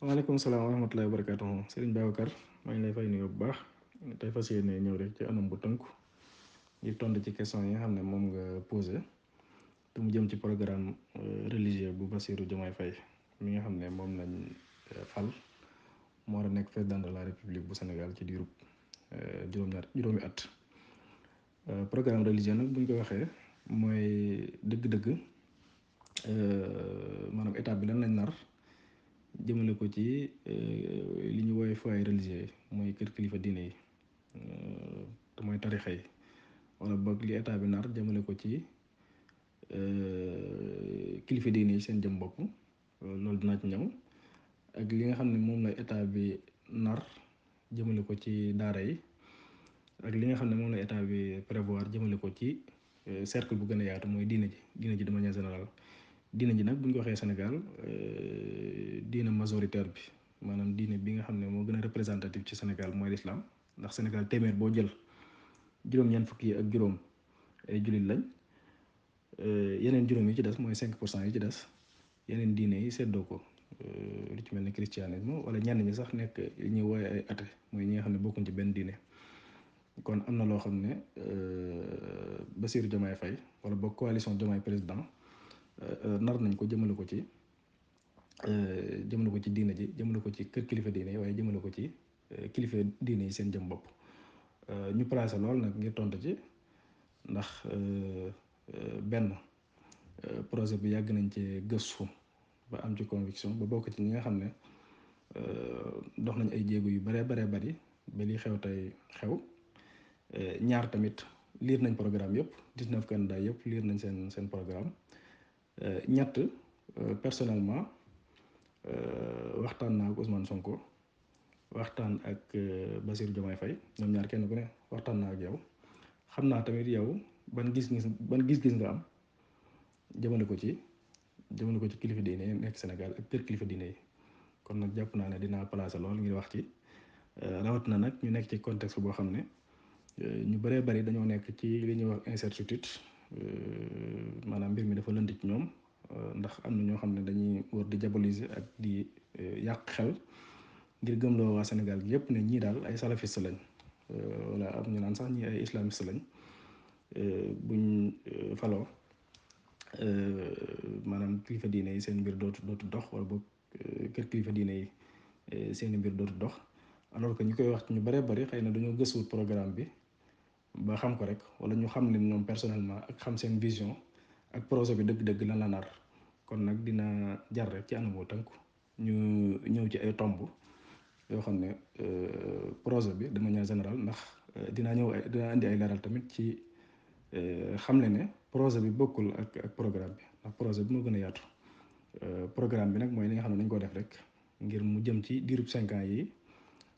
waaleykum salaam wa rahmatullahi wa barakatuh Serigne Babacar maa ngi lay fay nuyoo bu baax tey fas yéene ñëw rek ci anam bu tënk ngir tontu ci question yi nga xam ne moom nga posé te mu jëm ci programme euh, religieux bu Bassirou Diomaye fay mi nga xam ne moom lañ euh, fal moo war a nekk président de la république bu senegal ci diirub euh, juróom juróomi at programme religieux nag buñ ko waxee mooy dëgg-dëgg maanaam état bi lan lañ nar. jëmale ko ci euh, li ñu woowee foyer religieux mooy kër kilifa diine yi te euh, mooy tarixa yi wala boog li état bi nar jëmale ko ci euh, kilifa diine yi seen jëm bopp loolu dinaa ci ak li nga xam ne moom la état bi nar jëmale ko ci daara yi ak li nga xam ne moom la état bi prévoir jëmale ko ci cercle bu gën a yaatu mooy diine ji diine ji de manière générale diina ji nag bu ñu ko waxee Sénégal euh, diina majoritaire bi maanaam diine bi nga xam ne moo gën a représentative ci Sénégal mooy l'islam ndax Sénégal téeméer boo jël juróom-ñeent fukki ak juróom ay jullit lañ euh, yeneen juróom yi ci des mooy cinq pour cent yi ci des yeneen diine yi seddoo ko euh, lu ci mel ne christianisme wala ñenn ñi sax nekk ñuy wooye ay athée mooy ñi nga xam ne bokkuñ ci benn diine. kon am na loo xam ne Bassirou Diomaye fay wala boog coalition Diomaye président. Euh, euh, nar nañ ko jëmale ko ci euh, jëmale ko ci diine ji jëmale ko ci kër kilifa diine yi waaye jëmale ko ci kilifa diine yi seen jëm bopp ñu placé lool nag ngir tontu ci ndax benn projet bi yàgg nañ ci gëstu ba am ci conviction ba bokk ci ñi nga xam ne dox nañ ay jéego yu bare bare bari ba li xew tey xew ñaar tamit liir nañ programme yëpp 19 candidats yëpp liir nañ seen seen programme Euh, ñett euh, personnellement euh, waxtaan naa ak Ousmane Sonko waxtaan ak Bassirou Diomaye Faye ñoom ñaar kenn ku ne waxtaan naa ak yow xam naa tamit yow ban gis-gis ban gis-gis nga am jëmale ko ci jëmale ko ci kilifa diine yi nekk senegal ak kër kilifa diine yi kon nag jàpp naa ne dinaa placer lool ngir wax ci na nag ñu nekk ci context boo xam ne ñu bëree bari dañoo nekk ci li ñuy wax incertitude. Euh, maanaam mbir mi dafa lënd ci ñoom euh, ndax am na ñoo xam ne dañuy war di jabolise ak di euh, yàq xel ngir gëm gëmloo waa Sénégal gi yëpp ne ñii daal ay salafiste lañ wala am ñu naan sax ñii ay islamiste lañ buñ faloo maanaam kilifa diine yi seen mbir dootu dootu dox wala boo kër kilifa diine yi seen mbir dootu dox alors que ñu koy wax ñu bare bari xëy na dañoo gëstuwut programme bi ba xam ko rek wala ñu xam leen ñoom personnellement ak xam seen vision ak projet bi dëgg-dëgg lan la nar kon nag dina jar rek ci anam wu tënku ñu ñëw ci ay tomb yoo xam ne euh, projet bi de manière générale ndax euh, dinaa ñëw ay ay leeral tamit ci euh, xam le ne projet bi bokkul ak ak programme bi ndax projet bi moo gën a yaatu programme bi nag mooy li nga xam ne dañ ko def rek ngir mu jëm ci diirub cinq yi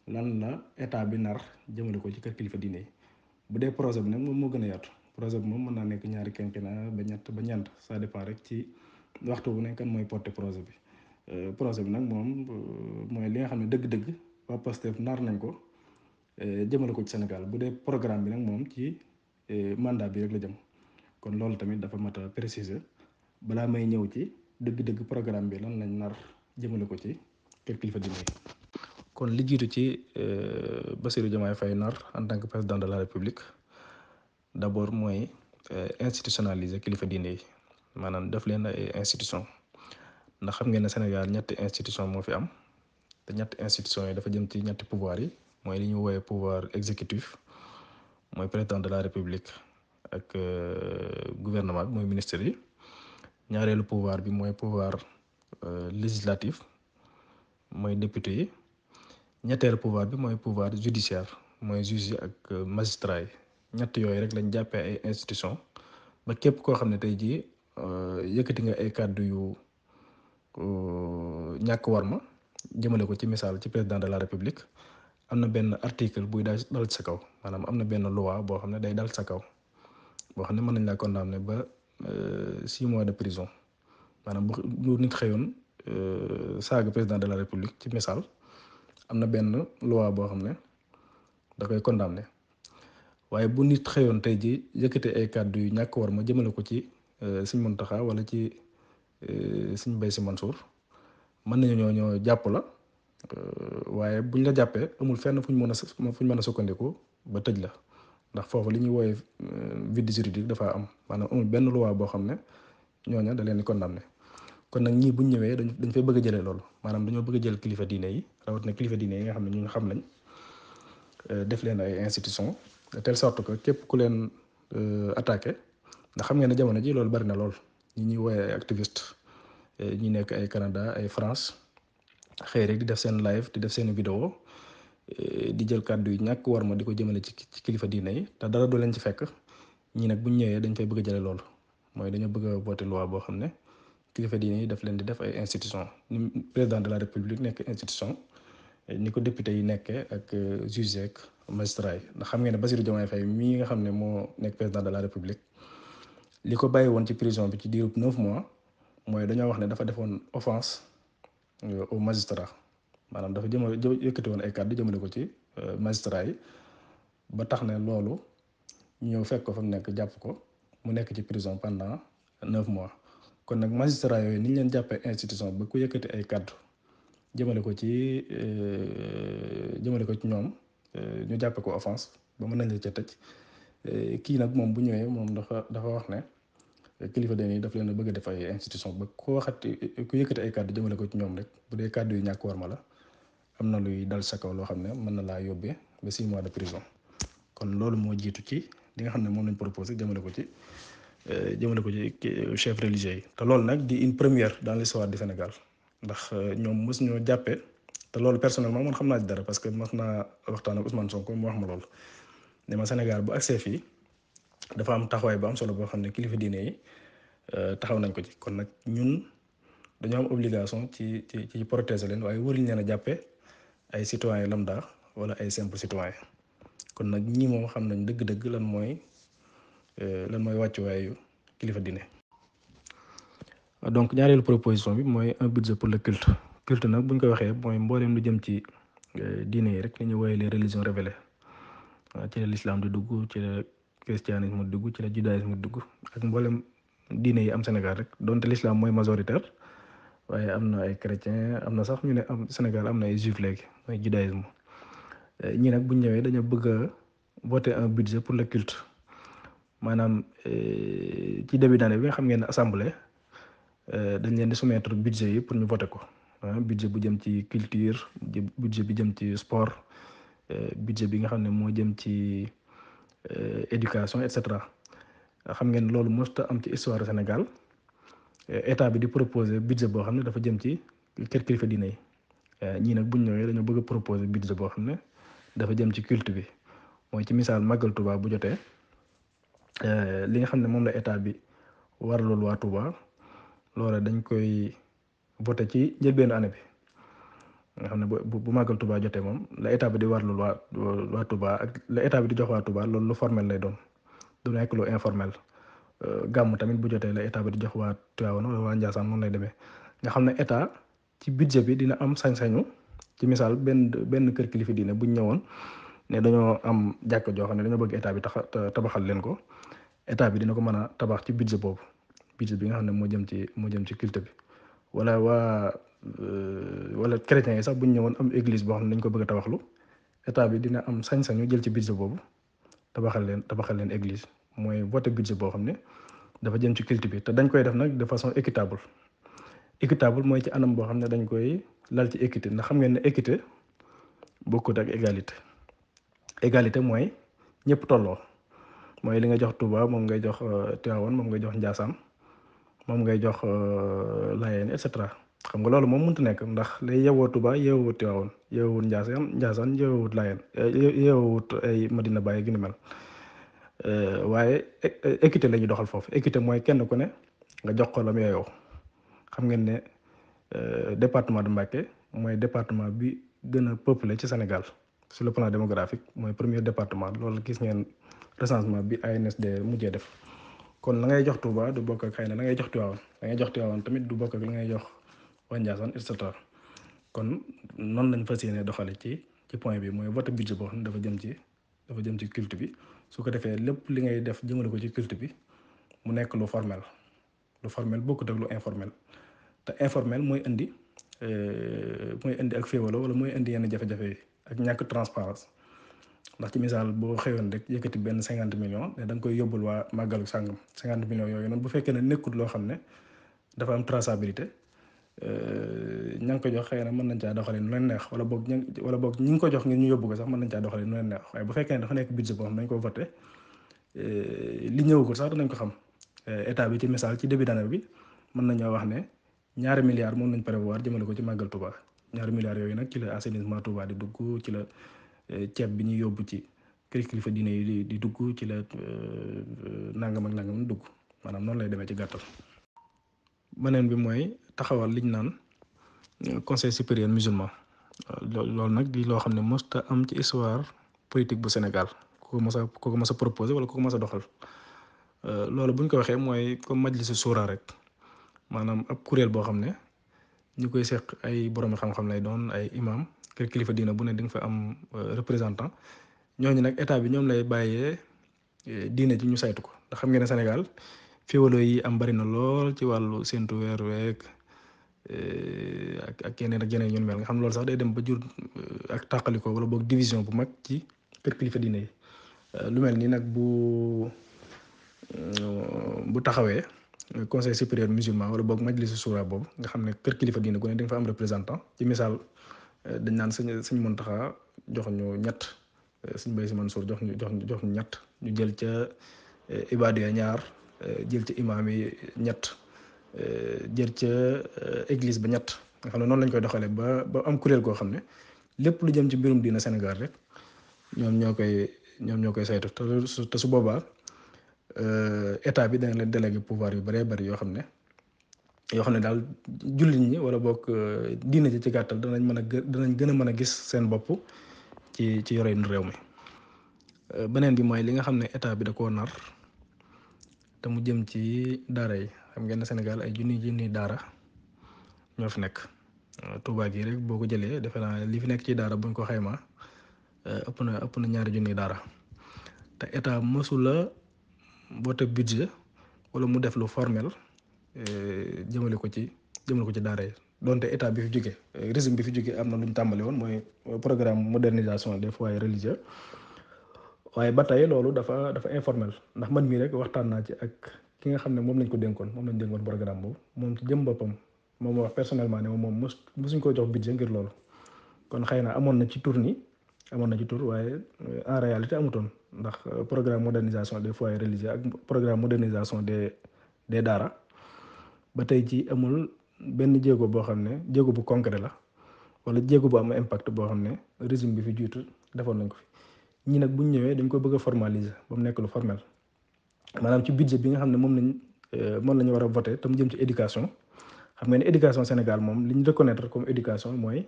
lan la état bi nar jëmale ko ci kër kilifa diine yi bu dee projet bi nag moom moo gën a yaatu projet bi moom mën naa nekk ñaari quinquennat ba ñett ba ñeent ça dépend rek ci waxtu bu nekk kan mooy porter projet bi euh, projet bi nag moom euh, mooy li nga xam ne dëgg-dëgg waa Pastef nar nañ ko euh, jëmale ko ci Sénégal bu dee programme bi nag moom ci mandat bi rek la jëm kon loolu tamit dafa mat a balaa may ñëw ci dëgg-dëgg programme bi lan lañ nar jëmale ko ci kër kilifa diine yi kon li jiitu ci euh, Bassirou Diomaye fay nar en tant que président de la république d'abord mooy euh, institutionnaliser kilifa diine yi maanaam def leen ay institution ndax xam ngeen ne Sénégal ñetti institution moo fi am te ñetti institution yi dafa jëm ci ñetti pouvoir yi mooy li ñu woowee pouvoir exécutif mooy président de la république ak euh, gouvernement bi mooy ministre yi ñaareelu pouvoir bi mooy pouvoir législatif mooy député yi ñetteel pouvoir bi mooy pouvoir judiciaire mooy juge ak euh, magistrat yi ñett yooyu rek lañ jàppee ay institution ba képp koo xam ne tey jii euh, yëkkati nga ay kàddu yu euh, ñàkk war ma jëmale ko ci misaal ci président de la république am na benn article buy daal dal sa kaw maanaam am na benn loi boo xam ne day dal sa kaw boo xam ne mën nañ laa condamné ba si mois de prison maanaam bu nit xëyoon saaga président de la république ci misaal am na benn loi boo xam ne da koy condamné waaye bu nit xëyoon tey ji yëkkate ay kàddu yu ñàkk war ma jëmale ko ci euh, Sëñ taxaa wala ci euh, Sëñ Bay Si Mansuur mën nañu ñoo ñoo jàpp la euh, waaye buñ la jàppee amul fenn fuñ mën a fuñ mën a sukkandiku ba tëj la ndax foofu li ñuy wooye vide juridique dafa am maanaam amul benn loi boo xam ne ñooña da leen di condamné kon nag ñii bu ñu ñëwee dañ dañ fay bëgg a jëlee loolu maanaam dañoo bëgg a jël kilifa diine yi rawatina kilifa diine nga xam ne ñun xam nañ euh, def leen ay institution de telle que képp ku leen euh, attaqué ndax xam ngeen ne jamono ji loolu bari na lool ñi ñuy woowee activiste euh, ñi nekk ay Canada ay France xëy rek di def seen live di def seen vidéo di jël kàddu yu ñàkk war ma di ko jëmale ci ci kilifa diine yi te dara du ci fekk ñi nag bu ñu ñëwee dañ fay bëgg jëlee loolu mooy dañoo bëgg a voté loi boo xam ne. kilifa diine yi daf leen di def ay institution ni président de la république nekk institution eh, ni ko député yi nekkee ak euh, juge ak magistrat yi ndax xam ngeen ne Bassirou Diomaye Faye mii nga xam ne moo nekk président de la république li ko bàyyi woon ci prison bi ci diirub neuf mois mooy dañoo wax ne dafa defoon offense euh, au magistrat maanaam dafa jëma yëkkati woon ay kàddu jëmale ko ci euh, magistrat yi ba tax ne loolu ñëw fekk ko fa mu nekk jàpp ko mu nekk ci prison pendant neuf mois kon nag magistrat yooyu ni ñu jàppee institution ba ku yëkkati ay kàddu jëmale ko ci eh, jëmale ko ci ñoom eh, ñu jàppe ko offense ba mën nañ la ca tëj eh, kii nag moom bu ñëwee moom dafa dafa wax ne kilifa dañuy daf leen a bëgg a def ay institution ba ku waxati ku yëkkati ay kàddu jëmale ko ci ñoom rek bu dee kàddu yu ñàkk war ma la am na luy dal sa loo xam ne mën na laa yóbbee ba six mois de prison kon loolu moo jiitu ci li xam ne moom lañ proposé jëmale ko ci Euh, jëmale ko ci euh, chef religieux yi te loolu nag di une première dans l'histoire du Sénégal ndax euh, ñoom mës ñoo jàppee te loolu personnellement man xam naa ci dara parce que mas naa waxtaan ak Ousmane Sonko mu wax ma loolu ne ma Sénégal bu agsee fii dafa am taxawaay bu solo boo xam ne kilifa diine yi taxaw nañ ko ci kon nag ñun dañoo am obligation ci ci ci protéger leen waaye wëruñ leen a jàppe ay citoyen lambda wala ay simple citoyen kon nag ñi moom xam nañ dëgg-dëgg lan mooy Euh, lan mooy waayu kilifa dine donc ñaareelu proposition bi mooy un budget pour le culte culte nag buñ koy waxee mooy mbooleem lu jëm ci euh, diine yi rek li ñuy woowee les religions révélées euh, ci la l'islam di dugg ci la christianisme di dugg ci la judaïsme di dugg ak mboolem diine yi am Sénégal rek donte l'islam mooy majoritaire waaye am na ay chrétien am na sax ñu ne am Sénégal am na ay juif léegi mooy judaïsme ñi nag buñ ñëwee dañoo bëgg a un budget pour le culte maanaam euh, ci début d'année bi nga xam ngeen ne assemblée euh, dañ leen di soumettre budget yi pour ñu voter ko ah, budget bu jëm ci culture budget bi jëm ci sport euh, budget bi nga xam ne moo jëm ci éducation et cetera xam ngeen loolu mosta am ci histoire Sénégal état bi di proposer budget boo xam ne dafa jëm ci kër kilifa diine yi ñii nag buñ ñëwee dañoo bëgg a proposer budget boo xam ne dafa jëm ci culture bi mooy ci misaal màggal Tuubaa bu jotee. Euh, li nga xam ne moom la état bi warlul waa Touba loola dañ koy boote ci njëlbeenu année bi nga xam ne bu bu màggal Touba jotee moom la état bi di warlul waa waa Touba ak la état bi di jox waa Touba loolu lay doon du nekk lu informel euh, gàmm tamit bu jotee la état bi di jox waa Tivaouane wala waa Ndiassane lay demee nga xam ne état ci budget bi dina am sañ-sañu ci misaal benn benn kër kilifa diine buñ ñëwoon ne dañoo am jàkk joo xam ne dañoo bëgg état bi tax tabaxal leen ko état bi dina ko mën a tabax ci budget boobu budget bi nga xam ne moo jëm ci moo jëm ci culte bi wala waa euh, wala chrétiens yi sax bu ñu woon am église boo xam ne dañ ko bëgg a tabaxlu état bi dina am sañ-sañu jël ci budget boobu tabaxal leen tabaxal leen église mooy vote budget boo xam ne dafa jëm ci culte bi te dañ koy def nag de façon équitable équitable mooy ci anam boo xam ne dañ koy lal ci équité ndax xam ngeen ne boo bokkut ak égalité égalité mooy ñëpp tolloo. mooy li nga jox Touba moom ngay jox euh, Tivaouane moom ngay jox Ndiassane moom ngay jox euh, Layeen et cetera xam nga loolu moom mënut nekk ndax lay yeewoo Touba yeewoo Tivaouane yeewoo Ndiassane Ndiassane yeewoo Layeen euh, yeewoo ay Medina Baye gi mel waaye équité la ñuy doxal foofu équité mooy kenn ku ne nga jox ko lam yeyoo xam ngeen ne département de Mbacké mooy département bi gën a peuplé ci Sénégal sur le plan démographique mooy premier département loolu gis ngeen. recensement bi ay ANSD mujjee def kon la ngay jox Touba du bokk ak xëy na la ngay jox Tiwaawan la ngay jox Tiwaawan tamit du bokk ak la ngay jox waa Ndiassane et kon noonu lañ fa yéene doxale ci ci point bi mooy vote budget xam ne dafa jëm ci dafa jëm ci culte bi su ko defee lépp li ngay def jëmale ko ci culte bi mu nekk lu formel lu formel bokkut ak lu informel te informel mooy indi euh, mooy indi ak féewalo wala mooy indi yenn jafe-jafe yi ak ñàkk transparence ndax ci misaal boo xëyoon rek yëkkati benn cinquante millions ne da nga koy yóbbul waa màggalu sàngam cinquante millions yooyu noonu bu fekkee ne nekkul loo xam ne dafa am trasabilité euh, ña ngi ko jox xëy na mën nañ caa doxalee nu leen neex wala boog wala boog ñi ngi ko jox ngir ñu yóbbu ko sax mën nañ caa doxalee nu leen neex waaye bu fekkee ne dafa nekk budget boo xam nañ ko voté euh, li danañ ko xam euh, état bi ci misaal ci début d'année bi mën nañoo wax ne ñaari milliards moom nañ prévoir jëmale ko ci màggal Touba ñaari milliards yooyu nag ci la assainissement Touba di dugg ci la Euh, ceeb bi ñu yóbbu ci kër kilifa diine yi di dugg ci la euh, euh, nangam ak nangam dugg maanaam noonu lay demee ci gàttal. beneen bi mooy taxawal liñ naan conseil supérieur musulman loolu nag di loo xam ne mosta am ci histoire politique bu Sénégal ku mosa mos a ku ko mos a proposé wala ku ko mos a doxal loolu buñ ko waxee mooy comme majlisu suura rek maanaam ab kuréel boo xam ne ñu koy seq ay boromi xam-xam lay doon ay imam kër kilifa diina bu ne di nga fa am euh, représentant ñooñu nag état bi ñoom lay bàyyee euh, diine ji ñu saytu ko ndax xam ngeen ne Sénégal féewaloo yi am bari na lool ci wàllu séntu weer week euh, ak ak yeneen ak yeneen ñun mel nga xam loolu sax day dem ba jur ak tàqaliko wala boog division bu mag ci kër kilifa diine yi lu mel nii nag bu bu taxawee. conseil supérieur musulman wala boog majlisu suura boobu nga xam ne kër kilifa diine gu ne da nga fa am ci misaal dañ naan sëñ sëñ Muntaxa jox ñu ñett euh, suñ Bay Si Mansour jox ñu jox ñu jox ñett ñu jël ca euh, ibaadu ya ñaar euh, jël ca imaam yi ñett jël ca église ba ñett nga xam ne noonu lañ koy doxalee ba ba am kuréel goo xam ne lépp lu jëm ci mbirum diina Sénégal rek ñoom ñoo koy ñoom ñoo koy saytu te su boobaa état bi dana leen délégué pouvoir yu bëree bari yoo xam ne. yoo xam ne daal jullit ñi wala bokk euh, diine ji ci gàttal danañ mën a danañ gën a mën a gis seen bopp ci ci yoreen réew mi euh, beneen bi mooy li nga xam ne état bi da koo nar te mu jëm ci daara yi xam ngeen ne Sénégal ay junni junni daara ñoo fi nekk euh, Touba gii rek boo ko jëlee defe naa li fi nekk ci daara buñ ko xaymaa ëpp na ëpp na ñaari junni daara te état mësula boote budget wala mu def lu formel Euh, jëmale ko ci jëmale ko ci daara yi donte état bi fi jóge euh, régime bi fi jóge am na lu ñu tàmbali woon mooy euh, programme modernisation des foyers religieux waaye ba tey loolu dafa dafa informel ndax man mii rek waxtaan naa ci ak ki nga xam ne moom lañ ko dénkoon moom lañ dénkoon programme boobu moom ci jëm boppam moom wax personnellement ne moom mos mosuñ ko jox budget ngir loolu kon xëy na amoon na ci tour ni amoon na ci tour waaye en réalité amutoon ndax programme modernisation des foyers religieux ak programme modernisation des des daara ba tey ci amul benn jéego boo xam ne jéego bu concret la wala jéego bu am impact boo xam ne régime bi fi jiitu defoon nañ ko fi ñi nag bu ñu ñëwee dañ ko bëgg a formaliser ba mu nekk lu formel maanaam ci budget bi nga xam ne moom lañ euh, moom la ñu war voté tam jëm ci éducation xam nga ne éducation Sénégal moom li ñu reconnaître comme éducation mooy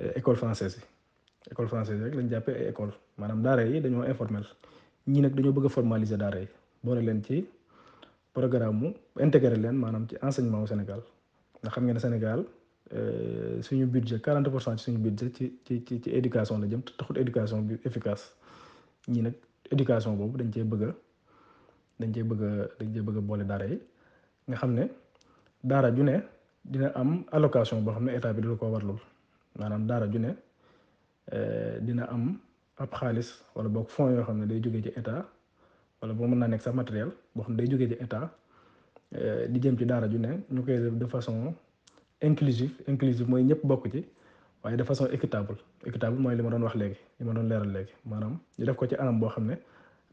euh, école française yi école française rek lañ jàppee ay école maanaam daara yi dañoo informel ñi nag dañoo bëgg a formaliser daara yi boole leen ci. programme mu intégré leen maanaam ci enseignement wu Sénégal nga xam ngeen ne Sénégal euh, suñu budget 40 pour cent ci suñu budget ci ci ci éducation la jëm te taxut éducation bi efficace ñii nag éducation boobu dañ cee bëgg dañ cee bëgg dañ cee bëgg boole daara yi nga xam ne daara ju ne dina am allocation boo xam ne état bi dina ko warlul maanaam daara ju ne euh, dina am ab xaalis wala bokk fonds yoo xam ne day jógee ci état. wala boo mën naa nekk sax matériel boo xam ne day jógee ci état euh, di jëm ci daara ju ne ñu koy def façon inclusive inclusive mooy ñëpp bokk ci waaye de façon équitable équitable mooy li ma doon wax léegi li ma doon leeral léegi maanaam ñu def ko ci anam boo xam ne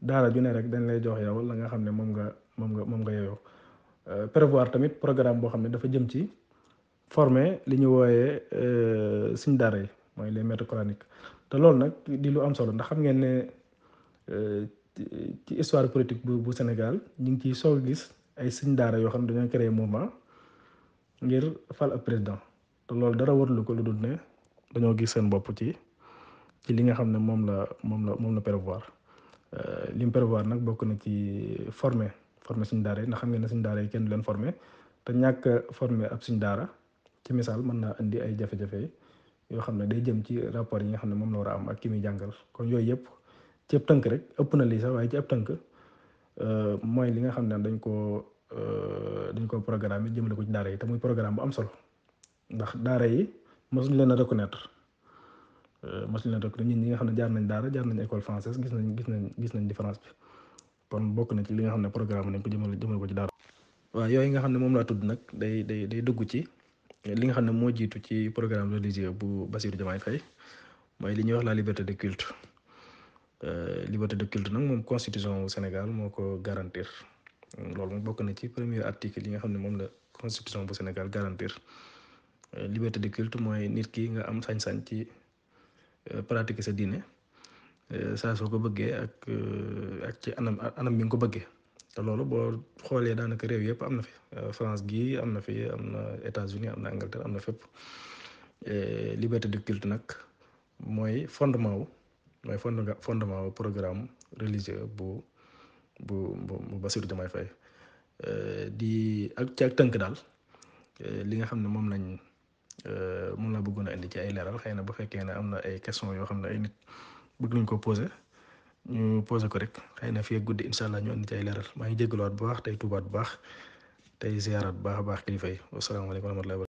daara ju ne rek dañ lay jox yow la nga xam ne moom nga moom nga moom nga yoyoo euh, prévoir tamit programme boo xam ne dafa jëm ci former li ñu wooyee euh, suñ daara yi mooy les maîtres te loolu ci histoire politique bu bu Sénégal ñu ngi ciy soog gis ay sëñ daara yoo xam ne dañoo créé mouvement ngir fal ab président te loolu dara warlu ko lu dul ne dañoo gis seen bopp ci ci li nga xam ne moom la moom la moom la prévoir euh, li mu prévoir nag bokk na ci former former suñ daara yi ndax xam ngeen ne suñ daara yi kenn du leen former te ñàkk a former ab suñ daara ci misaal mën naa indi ay jafe-jafe yoo xam ne day jëm ci rapport yi nga xam ne moom la war a am ak ki muy jàngal kon yooyu yëpp. ci ab tënk rek ëpp na lii sax waaye ci ab tënk euh, mooy li nga xam ne dañ koo euh, dañ koo programme yi jëmale ko ci daara yi te muy programme bu am solo ndax daara yi mosuñ leen a reconnaître euh, mosuñ leen a reconnaître ñun ñi nga xam ne jaar nañ daara jaar nañ école française gis nañ gis nañ gis nañ différence bi kon bokk na ci li nga xam ne programme nañ ko jëmale jëmale ko ci daara. waa yooyu nga xam ne moom laa tudd nag day day day dugg ci li nga xam ne moo jiitu ci programme religieux bu Bassirou Diomaye Faye mooy li ñuy wax la liberté de culte. Euh, liberté de culte nag moom constitution bu Sénégal moo ko garantir loolu moom bokk na ci premier article yi nga xam ne moom la constitution bu Sénégal garantir euh, liberté de culte mooy nit ki nga am sañ-sañ ci euh, pratique sa diine saa soo ko bëggee ak ak ci anam anam bi nga ko bëggee te loolu boo xoolee daanaka réew yëpp am na fi France gii am na fi am na États-Unis am na Angleterre am na fépp liberté de culte nag mooy fondement wu. mooy fondement fondement programme religieux bu bu bu Bassirou Diomaye Faye euh, di ak ci ak tënk daal euh, li nga xam ne moom lañ euh, moom laa bëggoon a indi ci ay leeral xëy na bu fekkee ne am na ay question yoo xam ne ay nit bëgg nañ ko poser ñu poser ko rek xay na fii ak guddi incha allah ñu indi ci ay leeral maa ngi jégaluwaat bu baax tey tuubaat bu baax tey ziyaaraat bu baax a baax kilifa yi wasalaamaaleykum wa rahmatulah.